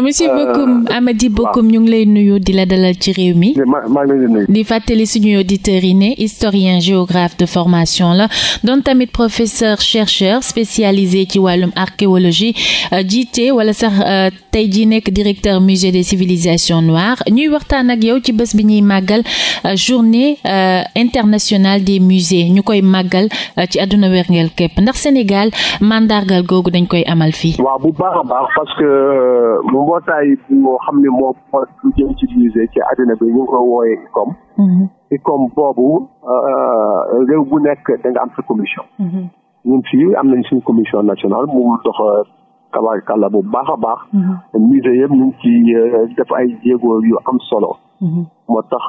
Euh, monsieur Bocoum euh, Amady Bocoum ñu ngi lay nuyu di la dalal ci réew mi. maa di fàttali suñu auditeurs yi ne historien géographe de formation la doon tamit professeur chercheur spécialisé ci wàllum archéologie euh, jiite wala sax tey jii nekk directeur musée des civilisations noires ñuy waxtaan ak yow ci bés bi ñuy màggal journée internationale des musées ñu koy màggal ci adduna wérngel képp ndax Sénégal mandargal googu dañ koy amal fii. mbootaay boo xam ne moo lu jëm ci musée ci àddina bi ñu ngi ko wooyee ICOM. Mm-hmm. ICOM boobu euh, réew bu nekk da am si commission. Mm-hmm. ñun fii am nañ suñ commission national mu dox euh, tabaarkàlla bu baax a baax. Mm-hmm. musée yëpp ñu ngi ci euh, def ay jéego yu am solo. moo tax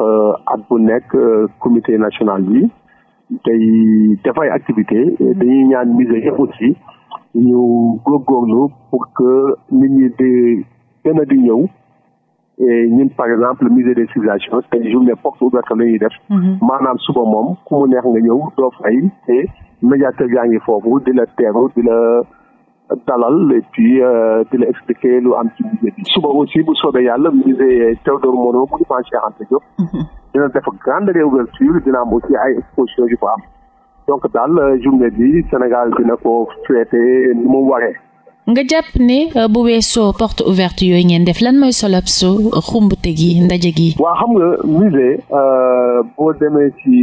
at bu nekk comité national bi tey def ay activité dañuy ñaan musée yëpp aussi. ñu góorgóorlu pour que nit ñi di gën di ñëw ñun par exemple musée des civilisations tey journée porte ouverte la ñuy def mhm. maanaam suba moom ku mu neex nga ñëw doo fay te médiateur yaa ngi foofu di la teeru di la dalal et puis euh, expliquer lu am ci musée bi suba aussi bu soobee yàlla musée Théodore de bu Cheikh Anta Diop mhm. dina def grande réouverture am ay exposition yu fa am donc daal euh, journée bi Sénégal dina ko fêter ni mu waree nga jàpp ni euh, bu weesoo porte ouverte yooyu ngeen def lan mooy solob su xumbute gi ndaje gi. waa xam nga musée euh, boo demee ci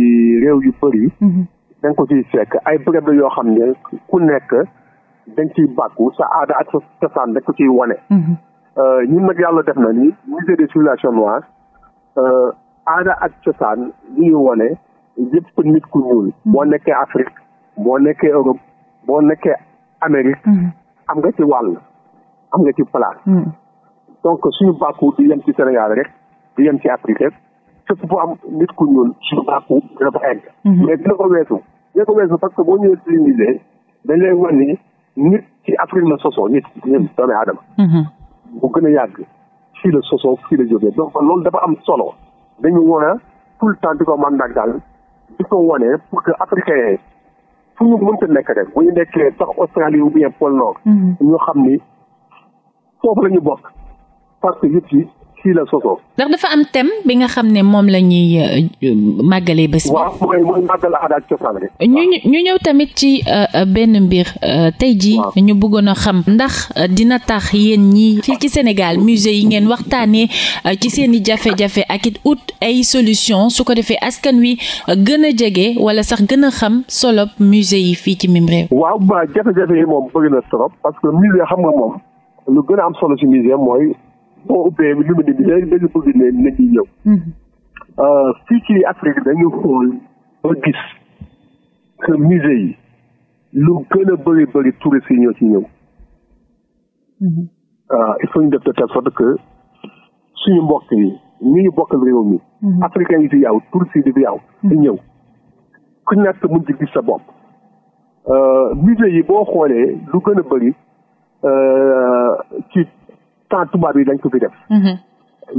réew yu bëri. Mhm. da nga ko ciy fekk ay béréb yoo xam ne ku nekk dañ ciy bàkku sa aada ak sa cosaan dañ ko ciy wane. Mhm. Euh, ñun nag yàlla def na ni musée des civilisations noires aada ak cosaan li ñu wane yëpp nit ku ñuul. Mhm. boo nekkee Afrique boo nekkee Europe boo nekkee Amérique. am nga ci wàll am nga ci place. Hmm. donc suñu bàkku di yem ci Sénégal rek di yem ci Afrique rek ku ñuul suñu bàkku hmm. dina ko ko weesu dina ko weesu parce que boo ñëwee civilisé dañ lay wan ni nit ci Afrique la sosoo nit ñun doomi aadama. bu hmm. gën a yàgg fii la sosoo fii la jógee donc loolu dafa am solo dañu war a tout le temps di ko mandat daal di ko wane pour que africain fu ñu mënta nekk rek bu ñu nekkee sax Australie ou bien pôle nord. Mm-hmm. ñoo xam ni foofu la bokk parce que yëpp yi kii la sosoo. ndax dafa am thème bi nga xam ne moom la ñuy euh, màggalee bés. waaw mooy mooy màggal ñu ñu ñëw tamit ci euh, benn mbir euh, tey jii. ñu bëggoon a xam ndax dina tax yéen ñi fii ci Sénégal musée yi ngeen waxtaanee ci seen i jafe-jafe ak it ut ay solution su ko defee askan wi gën a jege wala sax gën a xam solob musée yi fii ci mim réew. waaw jafe-jafe yi moom bëri na trop parce que musée xam nga moom lu gën am solo ci musée mooy. boo ubbee li mu ñëw. Euh, fii ci Afrique dañu xool ba gis que musée yi lu gën a bëri bëri touristes yi ñoo ci ñëw. Mm-hmm. Euh, il faut ñu def de telle suñu mbokk yi ñi ñu bokkal réew mi. Mm-hmm. africains yi di yaw touristes yi di yaw di mm-hmm. ñëw ku nekk mën ci gis sa bopp. Euh, musée yi boo xoolee lu gën a bëri ci. temps tubaab yi dañ ko fi def. Mhm.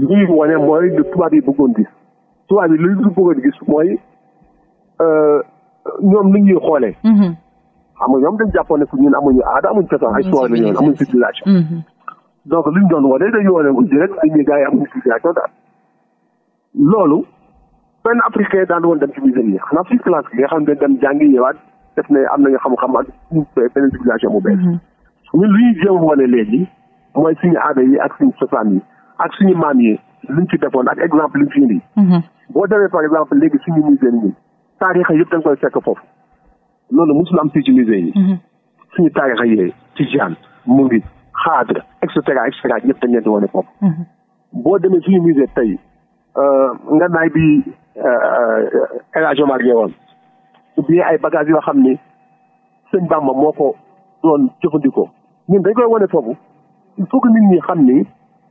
lii wane mooy lu tubaab yi bëggoon gis. tubaab yi lu ñu bëggoon gis mooy euh, ñoom ni ñuy xoolee. Mhm. xam na ñoom dañ jàppoon ne fu ñun amuñu aada amuñu cosaan ay tubaab la ñu amuñu civilisation. Mhm. doon wane dañu wane aussi loolu benn africain daan woon dem ci musée xam ne dem jàngi ñëwaat def ne am nañu xam-xam ak benn civilisation bu lu ñuy jéem wane léegi. mooy suñu aada yi ak suñu cosaan yi ak suñu maam yi luñ ci defoon ak exemple liñ fi indi mhm. boo demee par exemple léegi suñu musée yi taarixa yëpp dañ nga koy fekk foofu loolu mosul am fii yi mhm. suñu taarixa yee tijaan mu ngi xaadra et cetera et cetera ñëpp dañ leen wone wane foofu mhm. boo demee suñu musée tey euh, nga naay bi euh, El Hadj ou bien ay bagages yoo xam ni sëñ Bamba moo ko doon jëfandikoo ñun dañ koy wone foofu il faut que nit ñi xam ni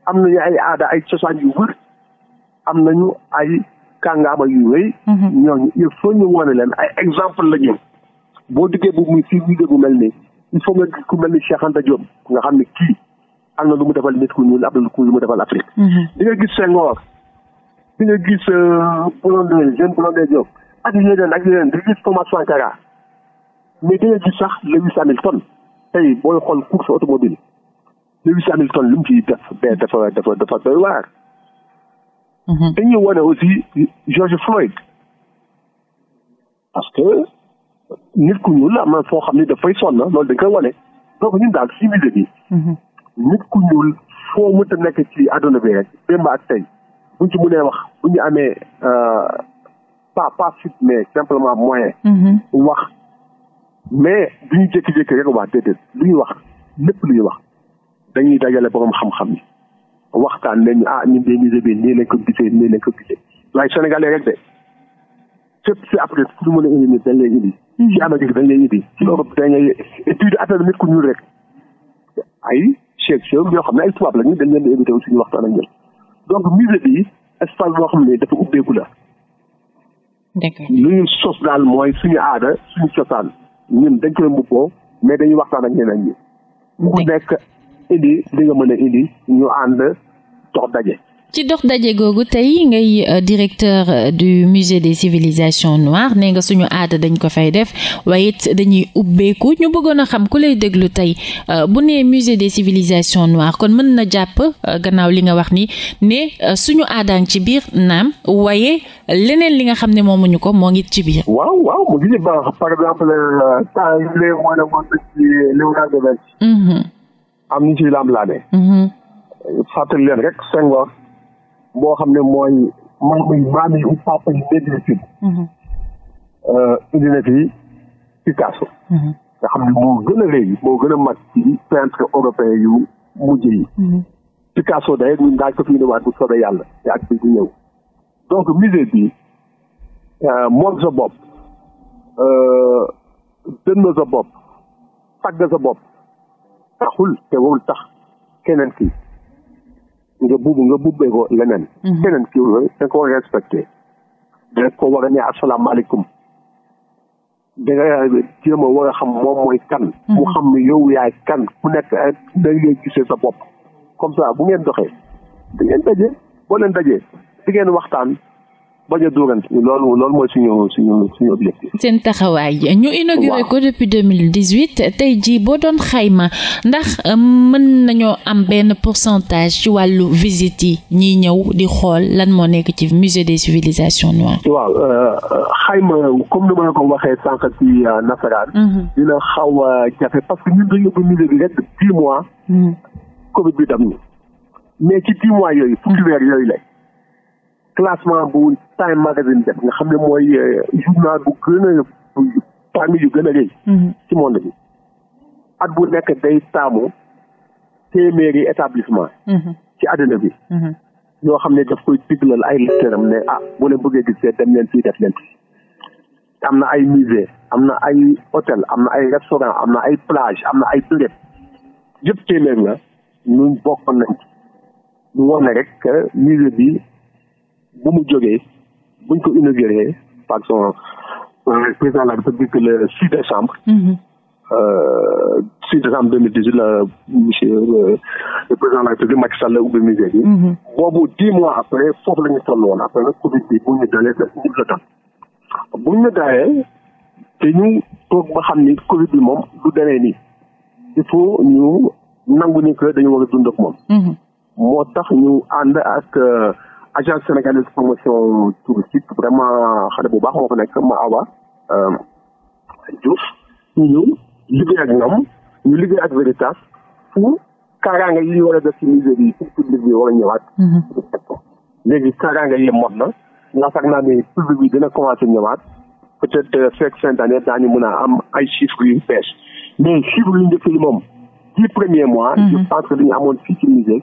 am nañu ay aada ay cosaan yu wër am nañu ay kàngaama yu rëy. Mhm. ñooñu il faut ñu wane leen ay exemple la ñu. boo diggee bu muy fii liggéey bu nga gis ku mel ni Cheikh Anta nga xam ne kii am na lu mu defal nit ku ñuul lu mu defal Afrique. Mhm. di nga gis Senghor di nga gis Blondin euh, jeune Blondin Diop ak yeneen ak yeneen di gis Thomas Sankara mais di nga gis sax Lewis Hamilton tey booy xool course automobile te huit cent mille tonnes lu mu ciy def mais dafa dafa dafa doy waar. Mhm. dañuy wane aussi George Floyd parce que nit ku ñuul am na foo xam ne dafay sonn loolu dañ koy wane donc ñun daal civilisé bi. Mhm. nit ku ñuul foo mënta nekk ci àdduna bi rek démb ak tey buñ ci mënee wax bu ñu amee euh, pas pas fit mais simplement moyen. Mhm. wax mais duñu jékki-jékki rek waa déedéet lu ñuy wax lépp lu ñuy wax. dañuy dajale borom xam-xam yi waxtaan nañu a ah, ñun de musée bi nii lañ ko gisee nii lañ ko gisee waaye sénégalais rek de fépp si Afrique fu mën a indi dañ lay indi. si mhm. Amérique dañ lay indi. si Europe dañ lay et puis affaire ay chercheurs yoo xam ne ay tubaab dañ leen di invité wu suñu waxtaan ak ñoom donc musée bi espace boo xam ne dafa ubbeeku la. d'accord ñu sos daal mooy suñu aada suñu cosaan ñun dañ koy mbubboo mais dañuy waxtaan ak ñeneen ñi. ku nekk indi li nga mën indi ñu ànd dox daje. ci dox daje googu tey ngay euh, directeur euh, du musée des civilisations noires nee nga suñu aada dañ ko fay def waaye it dañuy ubbeeku ñu bëggoon a xam ku lay déglu tey euh, bu nee musée des civilisations noires kon mën na jàpp gannaaw li nga wax ni ne suñu aadaan ci biir naam waaye leneen li nga xam ne moomuñu ko moo ngi ci biir. waaw waaw mu ngi baax par exemple temps yii lay mën a mën ci Leonardo da Vinci. am ñu ciy laam-laamee. Mm-hmm. fàttali leen rek Senghor boo xam ne mooy maam yi maam yi ou papa yi Médina Sine. Mm-hmm. Euh, indi na fi Picasso. Mm-hmm. nga xam ne moo gën a rëy moo gën a mag ci peintre européen yu mujj yi. Picasso day ñun daañu ko fi indiwaat bu soobee yàlla te ak bi ñëw donc musée bi euh, moom sa bopp euh, dënn sa bopp tagg sa bopp. taxul te warul tax keneen ki nga bub nga bubbee ko leneen. Mhm. keneen kii yooyu da nga ko war a ko war ne asalaamaaleykum. da nga jéem a war a xam moom mooy kan. Mhm. mu xam yow yaay kan ku nekk eh, da ngay gisee sa bopp. comme ça bu ngeen doxee da ngeen dajee boo leen dajee di ngeen waxtaan bañ a dóorante loolu loolu mooy suñu suñu suñu objectif. seen taxawaay ñu inauguré ko depuis deux mille dix huit tey jii boo doon xayma ndax euh, mën nañoo am benn pourcentage ci wàllu visite yi ñiy ñëw di xool lan moo nekk ci musée des civilisations noires. waaw euh, xayma comme ni ma la ko waxee sanq ci euh, nasaraan. Mhm. dina xaw a jafe parce que ñun dañu ubbi musée bi rek dix mhm. Covid bi dam ñu mais ci dix yooyu fukki weer yooyu lay. classement bu Time Magazine def nga xam ne mooy euh, journal bu gën a parmi yu gën a rëy mhm. ci monde bi at bu nekk day taamu téeméeri établissement mhm. ci àddina bi mhm. yoo xam ne daf koy diglal ay lecteuram ne ah boo bëggee gis dem leen fii def leen am na ay musée am na ay hôtel am na ay restaurant am na ay plage am na ay béréb yëpp téeméer la ñun bokk nañ ñu wax ne rek musée bi bu mu jógee buñ ko inauguré par son euh, président de la République le 6 décembre. Mm-hmm. Euh, 6 décembre 2018 la monsieur euh, le président de la République Macky Sall la ubbi musée bi. Mm-hmm. boobu 10 mois après foofu la ñu bu ñu dalee te ñu toog ba xam ni Covid bi moom du demee nii il faut ñu nangu ni que dañu war a moom. Mm-hmm. moo tax ñu ànd ak. Euh, agence sénégalaise promotion touristique vraiment xale bu baax moo fa nekk ma Awa euh, Diouf ñu ñëw ak ñoom ñu liggéey ak Veritas pour kaaraange yi ñu war a def ci musée bi pour public bi war a ñëwaat. Mhm. léegi kaaraange yi mot na yaakaar naa ne public bi dina commencé ñëwaat peut-être euh, fekk fin d'année ñu mën a am ay chiffres yu bees mais chiffres yu njëkk yi moom dix premiers mois. Mhm. je pense que dañu amoon fii ci musée.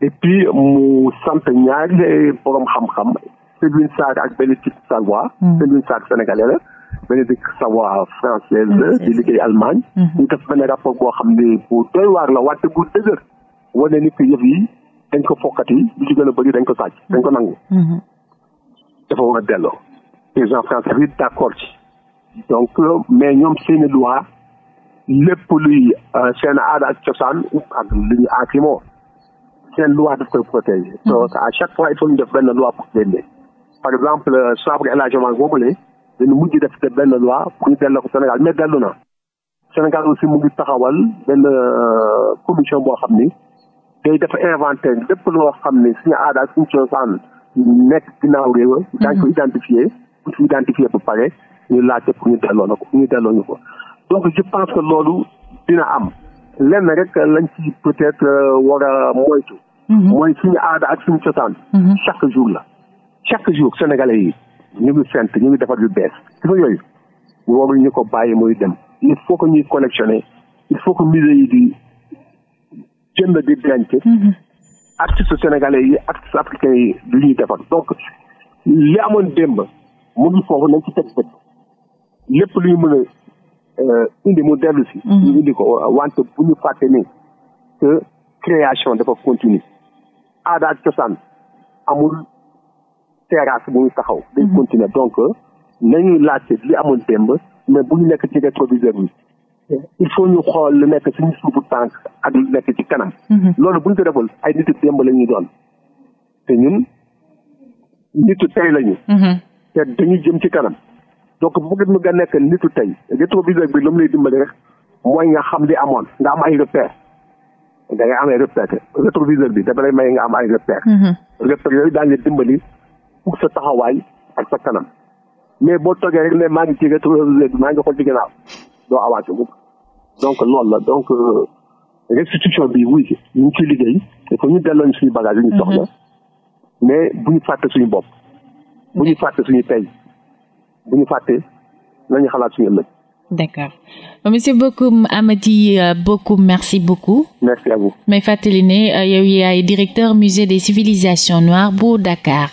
et puis mu sant ñaari borom xam-xam Serigne Sarr ak Bénédicte Savoie mm. Serigne Sarr sénégalais la Bénédicte Savoie française la di liggéey Allemagne ñu mm-hmm. def benn rapport boo xam ne bu doy waar la wante bu dëgër wane ni que yëf yi dañ ko fokkati lu ci gën a bëri dañ ko sàcc dañ ko nangu mm-hmm. dafa war a delloo président euh, seen aada ak cosaan ak lu ñu aakimoo seen loi daf koy protéger. Hmm. donc à chaque fois il faut ñu def benn loi pour génne. par exemple sobre élargissement boobu la dañu mujj def benn loi pour ñu delloo ko Sénégal mais dellu na. Sénégal aussi mu ngi taxawal benn euh, commission boo xam ni day dafa inventé lépp loo xam ni suñu aada suñu cosaan nekk ginnaaw réew hmm. daañu ko identifié bu ñu identifié ba pare ñu laajte pour ñu delloo na ko ñu delloo ñu ko donc je pense que loolu dina am lenn euh, a moytu Mm-hmm. mooy suñu aada ak suñu cosaan. Mm-hmm. chaque jour la chaque jour sénégalais yi ñu ngi fent ñu ngi defar lu bees dafa yooyu warul ñu ko bàyyi mooy dem il faut que ñuy collectionné il faut que musée yi di jënd di denc. Mm-hmm. artistes sénégalais yi artistes africains yi lu ñuy defar donc li amoon démb mënul foofu nañ ci teg bët lépp lu ñu mën a euh, indi mu dellu si. ñu indi ko wante bu ñu fàtte ni que création dafa continuer aada ak cosaan amul terrasse bu ñu taxaw. dañ mhm. continuer donc euh, nañu laajte li amul démb mais bu ñu nekk ci rétroviseur bi il faut ñu xool lu nekk suñu suufu tànk ak lu nekk ci kanam. Mhm. loolu bu ñu ko deful ay nitu démb la ñuy doon te ñun nitu tey la ñu. Mhm. te dañuy jëm ci kanam donc bu mu nga nekk nitu tey rétroviseur bi lu mu lay dimbali rek mooy nga xam li amoon nga am ay repères. da ngay amee repère rétroviseur bi dafa lay may nga am ay repère mhm. repère yooyu daañu la dimbali pour sa taxawaay ak sa kanam mais boo toogee rek maa ngi ci rétroviseur bi maa ngi xool ci ginnaaw doo avancé mukk donc loolu la donc euh, restitution bi oui ñu ngi ciy liggéey il faut ñu delloo suñu bagage yi ñu soxla mhm. mais bu ñu fàtte suñu bopp bu ñu fàtte suñu tey bu ñu fàtte nañu xalaat suñu ëllëg d'accord monsieur Bocoum Amady euh, Bocoum merci beaucoup. merci à vous. may fàttali ne euh, yow yaay directeur musée des civilisations noires bu Dakar.